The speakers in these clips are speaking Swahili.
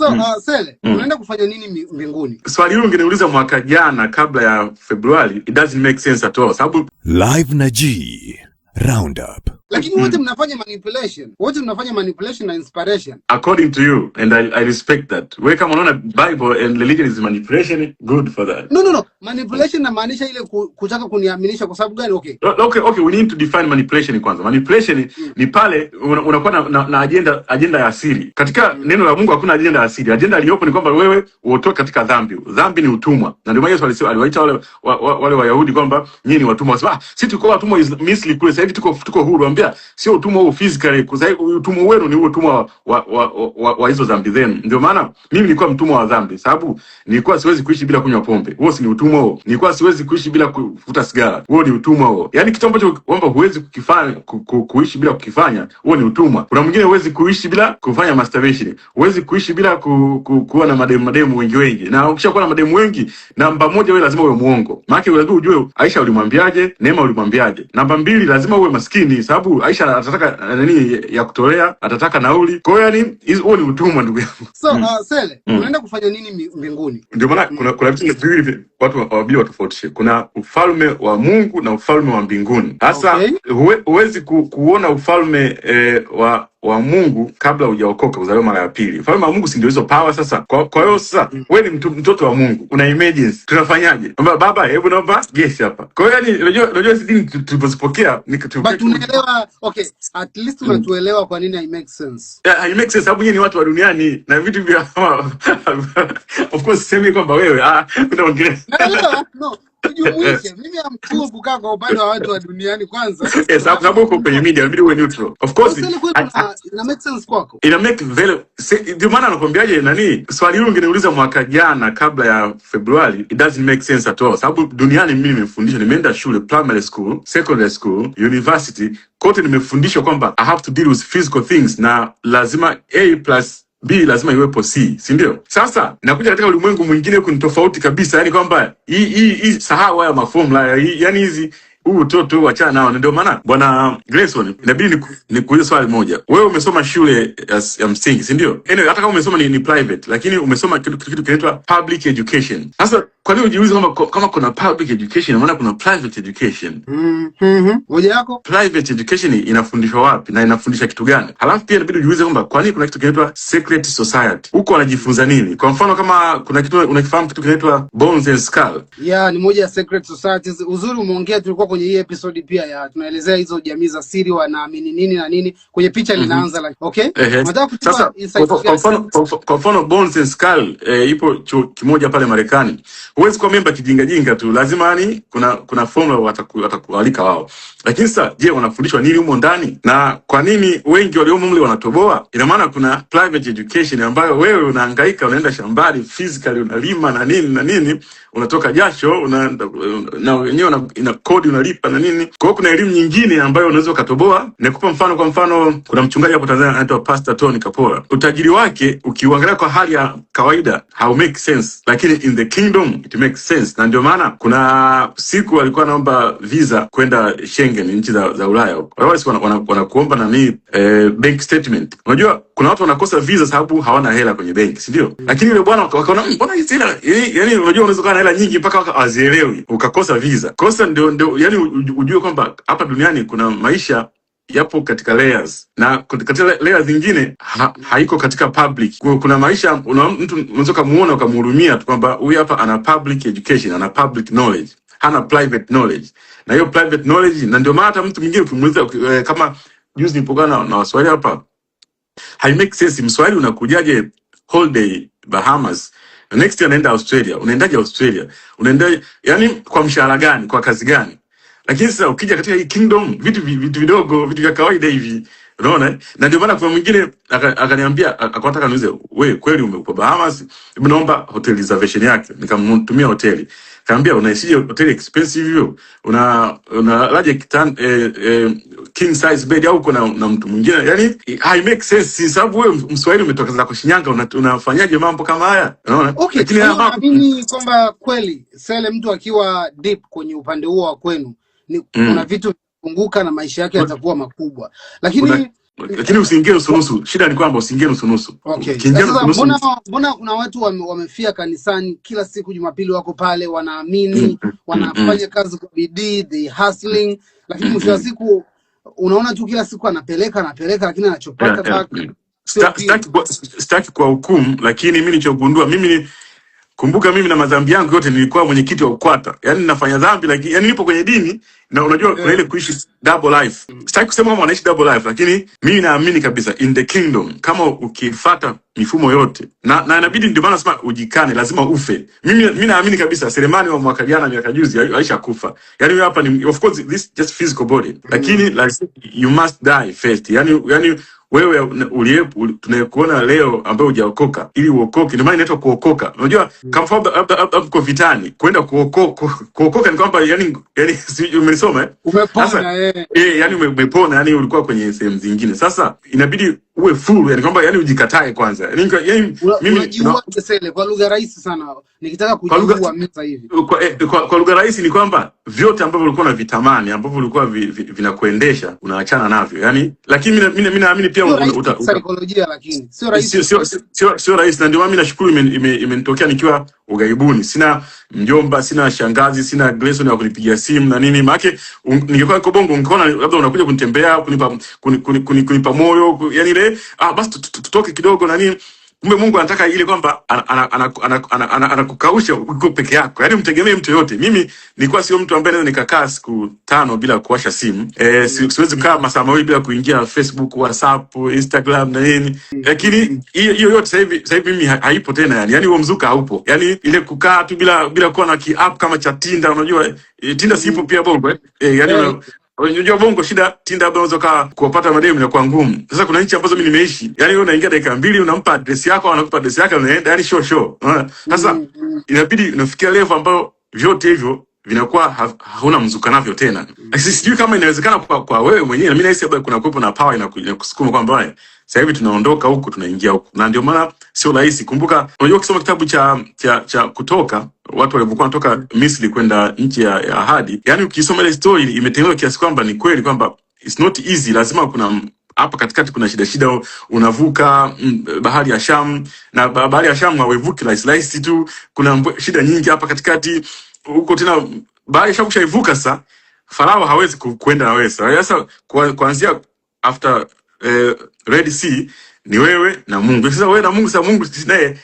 So, mm. uh, Sele, mm. unaenda kufanya nini mbinguni? Swali hilo ungeniuliza mwaka jana kabla ya Februari, it doesn't make sense at all. Sababu Live na G Roundup lakini wote mm-hmm. mnafanya manipulation, wote mnafanya manipulation na inspiration according to you and I, I respect that. We kama unaona Bible and religion is manipulation, good for that. No, no, no, manipulation na maanisha ile kutaka kuniaminisha. Kwa sababu gani? Okay, okay, okay, we need to define manipulation kwanza. Manipulation mm. ni pale unakuwa na, na, na agenda, agenda ya asili katika mm. neno la Mungu. Hakuna agenda ya asili, agenda iliyopo ni kwamba wewe uotoke katika dhambi. Dhambi ni utumwa, na ndio maana Yesu alisema, aliwaita wale wa, wa, wale Wayahudi kwamba nyinyi ni watumwa. Sasa ah, sisi tuko watumwa Misri kule, sasa hivi tuko tuko huru. Nawaambia sio utumwa huu physically, utumwa wenu ni huo utumwa wa, wa, wa, wa hizo dhambi zenu. Ndio maana mimi nilikuwa mtumwa wa dhambi, sababu nilikuwa siwezi kuishi bila kunywa pombe. Huo si ni utumwa huo? Nilikuwa siwezi kuishi bila kuvuta sigara, huo ni utumwa huo. Yani kitu ambacho kwamba huwezi kukifanya ku, ku, kuishi bila kukifanya, huo ni utumwa. Kuna mwingine huwezi kuishi bila kufanya masturbation, huwezi kuishi bila ku, ku, kuwa na mademu mademu wengi wengi, na ukishakuwa na mademu wengi, namba moja wewe lazima uwe muongo, maana lazima ujue Aisha ulimwambiaje, Neema ulimwambiaje. Namba mbili lazima uwe maskini sababu miguu. Aisha atataka eh, nani ya kutolea, atataka nauli. Kwa hiyo yani huo ni utumwa, ndugu yangu. So mm. uh, Sele mm. unaenda kufanya nini mbinguni? Ndio maana mm. kuna kuna vitu viwili watu wabii watofautishe, kuna ufalme wa Mungu na ufalme wa mbinguni. Sasa huwezi okay. ku, kuona ufalme eh, wa wa Mungu kabla hujaokoka uzaliwa mara ya pili. Ufalme wa Mungu si ndio hizo power sasa. Kwa, kwa hiyo sasa mm. wewe ni mtu, mtoto wa Mungu una emergency, tunafanyaje? Naomba baba, hebu naomba guess hapa. Kwa hiyo yani, unajua unajua sisi dini tulipozipokea ni kitu tunaelewa, okay, at least mm. tunatuelewa mm. kwa nini it makes sense, yeah, it makes sense sababu yeye ni watu wa duniani na vitu vya of course, sema kwamba wewe ah unaongelea no Tujumuishe, mimi eh, kwenye media inabidi uwe neutral. Of course, ah, nani swali hilo ngeniuliza mwaka jana kabla ya februari it sense at sababu duniani mii nimefundishwa nimeenda shule primary school secondary school university kote nimefundishwa kwamba i have to deal with physical things na lazima a plus B lazima iwepo C, si ndio? Sasa nakuja katika ulimwengu mwingine kuni tofauti kabisa, yani kwamba hii hii sahau haya mafomula, yani hizi huu utoto wachana nao. Ndio maana bwana Grayson, inabidi nikuulize swali moja. Wewe umesoma shule ya msingi, si ndio? Anyway, hata kama umesoma ni, ni private, lakini umesoma kitu kinaitwa public education. Sasa kwa nini ujiuliza kama kama kuna public education maana kuna private education? Mhm. Mm Ngoja yako. Private education inafundishwa wapi na inafundisha kitu gani? Halafu pia inabidi ujiulize kwamba kwa nini kuna kitu kinaitwa secret society? Huko wanajifunza nini? Kwa mfano kama kuna kitu unakifahamu kitu kinaitwa Bones and Skull. Yeah, ni moja ya secret societies. Uzuri umeongea, tulikuwa kwenye hii episode pia ya tunaelezea hizo jamii za siri wanaamini nini na nini. Kwenye picha mm -hmm. linaanza like, okay? Eh, Nataka kutoa kwa mfano kwa mfano Bones and Skull eh, ipo chuo kimoja pale Marekani. Huwezi kuwa memba kijinga jinga tu, lazima yani kuna kuna formula watakualika wao. Lakini sasa, je, wanafundishwa nini humo ndani na kwa nini wengi waliomo mle wanatoboa? Ina maana kuna private education ambayo wewe unahangaika, unaenda shambani physically, unalima na nini na nini, unatoka jasho una, na wenyewe una, ina kodi unalipa na nini. Kwa hiyo kuna elimu nyingine ambayo unaweza ukatoboa. Nikupa mfano, kwa mfano kuna mchungaji hapo Tanzania anaitwa Pastor Tony Kapora. Utajiri wake ukiuangalia kwa hali ya kawaida how make sense, lakini in the kingdom it makes sense, na ndio maana kuna siku walikuwa naomba visa kwenda Schengen, nchi za, za Ulaya wanakuomba wana, wana nani eh, bank statement. Unajua kuna watu wanakosa visa sababu hawana hela kwenye benki, si ndio? Lakini yule bwana wakaona mbona hizi hela yani, unajua unaweza kuwa na hela nyingi mpaka hazielewi ukakosa visa. Kosa ndio ndio yani ujue kwamba hapa duniani kuna maisha yapo katika layers na katika layers zingine ha, haiko katika public. kuna maisha una mtu unaweza kumuona ukamhurumia tu kwamba huyu hapa ana public education, ana public knowledge, hana private knowledge. Na hiyo private knowledge, na ndio maana hata mtu mwingine ukimuuliza eh, kama juzi nilipokana na Waswahili hapa, hai make sense. Mswahili unakujaje holiday Bahamas next year, anaenda Australia, unaendaje Australia, unaenda yani kwa mshahara gani, kwa kazi gani? Lakini sasa ukija katika hii kingdom vitu vitu vidogo vitu vya kawaida hivi unaona, na ndio maana kuna mwingine akaniambia akataka niuze, we kweli umekuwa Bahamas, hebu naomba hotel reservation yake. Nikamtumia hoteli, kaambia unaishije hotel expensive hiyo una una laje kitan eh, eh, king size bed au uko na, na mtu mwingine yani, i make sense si sababu wewe Mswahili umetoka zako Shinyanga, unafanyaje una mambo kama haya unaona? Okay, lakini naamini kwamba kweli sele mtu akiwa deep kwenye upande huo wa kwenu ni mm. kuna vitu vinapunguka na maisha yake yatakuwa makubwa, lakini lakini usiingie nusunusu. Shida ni kwamba usiingie nusunusu. Mbona mbona kuna watu wame, wamefia kanisani kila siku Jumapili, wako pale wanaamini, mm, mm, wanafanya kazi kwa bidii, the hustling, lakini mwisho wa siku unaona tu kila siku anapeleka anapeleka, lakini anachopata yeah, yeah. Sitaki kwa hukumu, lakini mimi nilichogundua mimi Kumbuka mimi na madhambi yangu yote nilikuwa mwenyekiti wa UKWATA. Yaani nafanya dhambi lakini yani nipo kwenye dini na unajua kuna ile kuishi double life. Sitaki kusema kama wanaishi double life lakini mimi naamini kabisa in the kingdom kama ukifata mifumo yote na, na inabidi ndio maana nasema ujikane lazima ufe. Mimi mimi naamini kabisa Selemani wa mwaka jana miaka juzi Aisha kufa. Yaani wewe hapa ni of course this just physical body. Lakini like you must die first. Yaani yaani wewe uliyepo tunayekuona leo ambaye hujaokoka ili uokoke. Ndio maana inaitwa kuokoka. Unajua mm. kama labda labda vitani kwenda kuokoka, ni kwamba yani, yani umenisoma eh? Umepona eh, yani umepona, yani ulikuwa kwenye sehemu zingine, sasa inabidi uwe full, yani kwamba yani ujikatae kwanza. Yani yani mimi unajua Tesele kwa lugha rahisi sana, nikitaka kujua meza hivi kwa, eh, kwa, kwa lugha rahisi ni kwamba vyote ambavyo ulikuwa unavitamani ambavyo ulikuwa vi, vi, vinakuendesha unaachana navyo yani, lakini mimi mimi naamini pia unakuta saikolojia, lakini eh, sio rahisi, sio sio sio rahisi, na ndio mimi nashukuru imenitokea ime, ime nikiwa ugaibuni Sina mjomba, sina shangazi, sina Grayson ya kunipigia simu na nini. Maana ningekuwa niko Bongo, ungeona labda unakuja kunitembea, kunipa kunipa moyo, yani ile ah, basi tutoke kidogo na nini Kumbe Mungu anataka ile kwamba anakukausha ana, ana, ana, ana, ana, ana, ana, peke yako, yani mtegemee mtu yote. Mimi nilikuwa sio mtu ambaye naweza nikakaa siku tano bila kuwasha simu e, siwezi kukaa masaa mawili bila kuingia Facebook, WhatsApp, Instagram na nini, lakini hiyo yote sahivi sahivi mimi haipo tena, yani yani huo mzuka haupo, yani ile kukaa tu bila bila kuwa na ki kama cha Tinder. Unajua eh, Tinder sipo pia Bongo eh, E, eh, yani Unajua bongo shida Tinda labda unaweza kaa kuwapata mademu inakuwa ngumu. Sasa kuna nchi ambazo mimi nimeishi, yani wewe unaingia dakika mbili unampa address yako, anakupa address yake, unaenda yani show show. Sasa mm, mm. inabidi unafikia level ambayo vyote hivyo vinakuwa hauna mzuka navyo tena. Lakini sijui kama inawezekana kwa, kwa wewe mwenyewe, na mimi nahisi labda kuna kuwepo na pawa inakusukuma kwamba sasa hivi tunaondoka huku tunaingia huku, na ndio maana sio rahisi. Kumbuka, unajua ukisoma kitabu cha cha, cha Kutoka, watu walivyokuwa wanatoka Misri kwenda nchi ya, ya ahadi, yani ukisoma ile story imetengenezwa kiasi kwamba ni kweli kwamba it's not easy, lazima kuna hapa katikati kuna shida shida, unavuka bahari ya Sham na bahari ya Sham hawevuki rahisi rahisi tu, kuna shida nyingi hapa katikati huko tena, baada ya kushaivuka sasa, Farao hawezi kwenda kuenda na wewe sasa. Kuanzia after eh, Red Sea ni wewe na Mungu. Sasa wewe na Mungu, sasa Mungu naye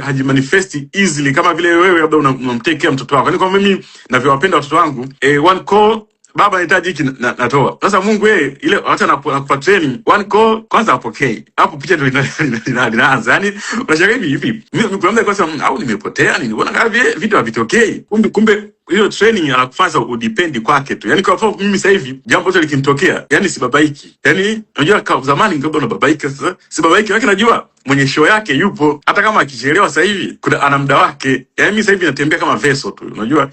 hajimanifesti haji easily kama vile wewe labda unamtekea una mtoto wako. Yaani kwa mimi navyowapenda watoto wangu eh, one call baba anahitaji hiki na, natoa. Sasa Mungu yeye ile wakati anakupa training one call kwanza apokee. Hapo picha ndio inaanza. Yani unashangaa hivi hivi. Mimi kuna mtu mm, au nimepotea nini? Unaona kama vitu havitokei. Kumbe kumbe hiyo training ya kwanza udipendi kwake tu. Yani kwa mfano mimi sasa hivi jambo lote likinitokea, yani sibabaiki. Yani unajua kwa zamani ningekuwa na babaiki, sasa sibabaiki, lakini najua mwenye show yake yupo, hata kama akichelewa sasa hivi kuna ana muda wake. Yani mimi sasa hivi natembea kama veso tu, unajua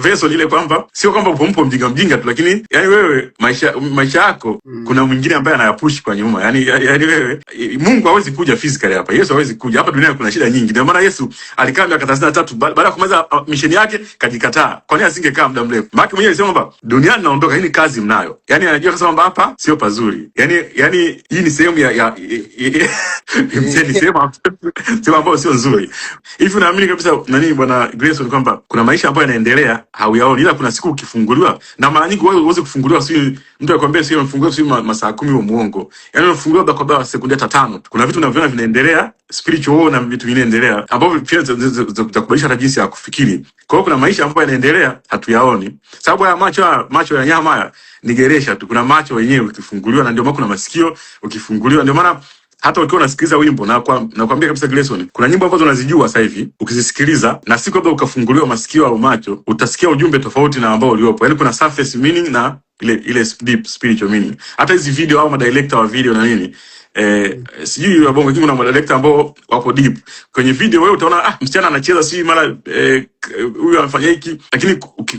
veso lile kwamba sio kwamba upo mpo mjinga mjinga tu, lakini yani wewe maisha maisha yako mm, kuna mwingine ambaye anayapush kwa nyuma. Yani yani yaani wewe Mungu hawezi kuja physically hapa, Yesu hawezi kuja hapa. Duniani kuna shida nyingi, ndio maana Yesu alikaa miaka 33 baada ya kumaliza uh, misheni yake kajikataa asingekaa, kwa nini asingekaa muda mrefu? Maana mwenyewe alisema kwamba duniani naondoka, hii kazi mnayo. Yani anajua kasema kwamba hapa sio pazuri, yani yani hii ni sehemu ya, ya, ya ni sehemu ambayo sio nzuri. Hivi unaamini kabisa nani, bwana Grayson, kwamba kuna maisha ambayo yanaendelea, hauyaoni, ila kuna siku ukifunguliwa, na mara nyingi wewe uweze kufunguliwa sio mtu akwambia sio mfungue sio masaa 10 wa muongo, yani mfungue unafunguliwa kwa baada sekunde hata tano. Kuna vitu unaviona vinaendelea spiritual na vitu vinaendelea ambavyo pia zitakubadilisha hata jinsi ya kufikiri. Kwa hiyo kuna maisha ambayo yanaendelea hatuyaoni, sababu ya macho haya macho ya nyama haya ni geresha tu. Kuna macho wenyewe ukifunguliwa, na ndio maana kuna masikio ukifunguliwa, ndio maana hata ukiwa unasikiliza wimbo na kwa, na kwambia kabisa Gleason, kuna nyimbo ambazo unazijua sasa hivi ukizisikiliza na siku labda ukafunguliwa masikio au macho, utasikia ujumbe tofauti na ambao uliopo. Yani kuna surface meaning na ile ile deep spiritual meaning. Hata hizi video au madirector wa video na nini eh, sijui wa bongo kingu na madirector ambao wapo deep kwenye video, wewe utaona ah, msichana anacheza si mara eh, huyu eh, anafanya hiki, lakini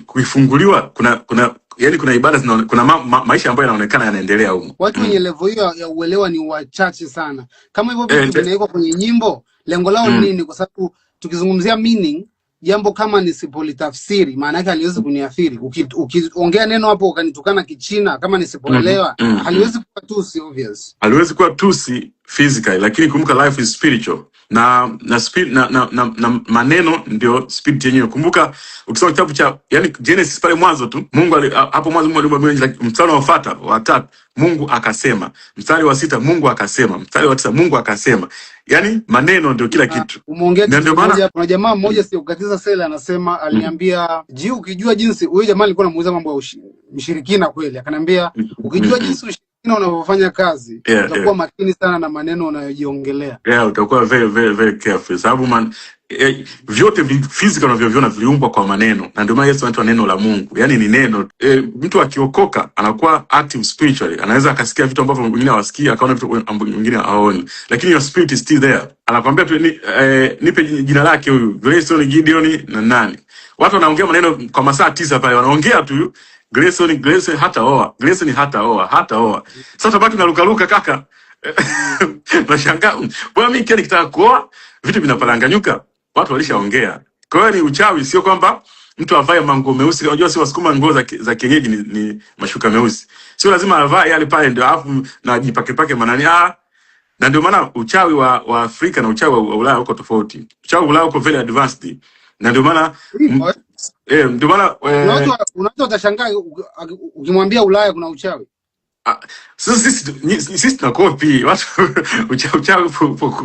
kuifunguliwa kuna kuna yani kuna ibada zina, kuna ma, ma, maisha ambayo yanaonekana yanaendelea huko. Watu wenye mm. level hiyo ya uelewa ni wachache sana, kama hivyo vitu eh, vinawekwa kwenye nyimbo, lengo lao mm. nini? Kwa sababu tukizungumzia meaning jambo kama nisipolitafsiri maana yake haliwezi kuniathiri. Ukiongea neno hapo ukanitukana Kichina kama nisipoelewa, mm-hmm. Mm-hmm. haliwezi kuwa tusi obvious, haliwezi kuwa tusi physically, lakini kumbuka life is spiritual na na, spirit, na, na, na, na maneno ndio spirit yenyewe. Kumbuka ukisoma kitabu cha yani Genesis pale mwanzo tu Mungu hapo mwanzo Mungu aliumba mbingu, like, mstari fata wa tatu Mungu akasema, mstari wa sita Mungu akasema, mstari wa tisa Mungu akasema. Yani maneno ndio kila kitu. ndio maana Kuna jamaa mmoja si ukatiza sela anasema mm. aliniambia, jiu, ukijua jinsi huyo jamaa alikuwa anamuuliza mambo ya ushirikina kweli, akaniambia mm. ukijua jinsi makini unavyofanya kazi yeah, utakuwa yeah, makini sana na maneno unayojiongelea yeah, utakuwa very very very careful sababu man eh, vyote physical unavyoviona viliumbwa kwa maneno, na ndio maana Yesu anaitwa neno la Mungu, yani ni neno eh. Mtu akiokoka anakuwa active spiritually, anaweza akasikia vitu ambavyo wengine hawasikii, akaona vitu mwingine haoni, lakini your spirit is still there. Anakwambia tu ni, eh, nipe jina lake huyu Grayson Gideon na nani. Watu wanaongea maneno kwa masaa tisa pale, wanaongea tu Grayson Grayson hata oa Grayson hata oa hata oa. Sasa tabaki na lukaluka kaka. Nashangaa. Bwana mimi kile nikitaka kuoa vitu vinaparanganyuka. Watu walishaongea. Kwa hiyo ni uchawi, sio kwamba mtu avae manguo meusi. Unajua si wasukuma nguo za za kienyeji ni, ni mashuka meusi. Sio lazima avae yale pale ndio afu na jipake pake manani ah. Na ndio maana uchawi wa, wa Afrika na uchawi wa Ulaya uko tofauti. Uchawi wa Ulaya uko very advanced na ndio maana eh, ndio maana eh, unaweza utashangaa ukimwambia Ulaya kuna uchawi. Ah, sisi sisi tuna kopi watu uchawi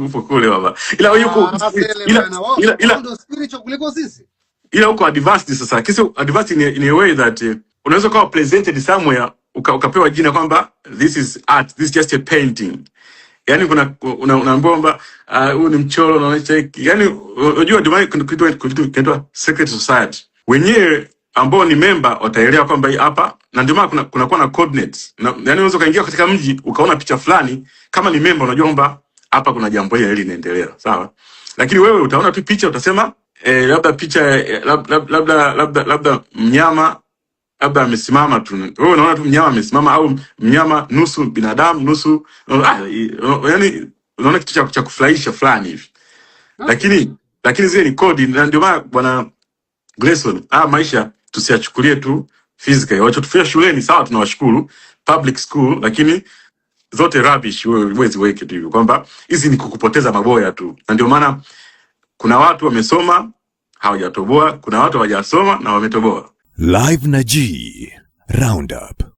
upo kule baba, ila yuko ah, ila ila ndio spiritual kuliko sisi, ila huko advanced. Sasa kisi advanced in a, in a way that uh, unaweza kuwa presented somewhere uka, ukapewa jina kwamba this is art, this is just a painting yani kuna una, unaambiwa kwamba ah, huu uh, ni mchoro unaonyesha hiki, yani unajua, ndio maana kitu kitu kinaitwa secret society. Wenyewe ambao ni memba wataelewa kwamba hapa, na ndio maana kuna kunakuwa na coordinates, na, yani unaweza kaingia katika mji ukaona picha fulani, kama ni memba unajua kwamba hapa kuna jambo hili linaendelea, sawa. Lakini wewe utaona tu picha utasema eh, labda picha eh, labda labda labda, labda mnyama labda amesimama tu, wewe unaona tu mnyama amesimama, au mnyama nusu binadamu nusu ah, yani unaona kitu cha, cha kufurahisha fulani hivi okay. Lakini lakini zile ni kodi, na ndio maana bwana Grayson, ah, maisha tusiyachukulie tu physical, wachotufia shuleni sawa, tunawashukuru public school, lakini zote rubbish, wewe huwezi weke tu hivyo kwamba hizi ni kukupoteza maboya tu, na ndio maana kuna watu wamesoma hawajatoboa, kuna watu hawajasoma na wametoboa. Live Naji Roundup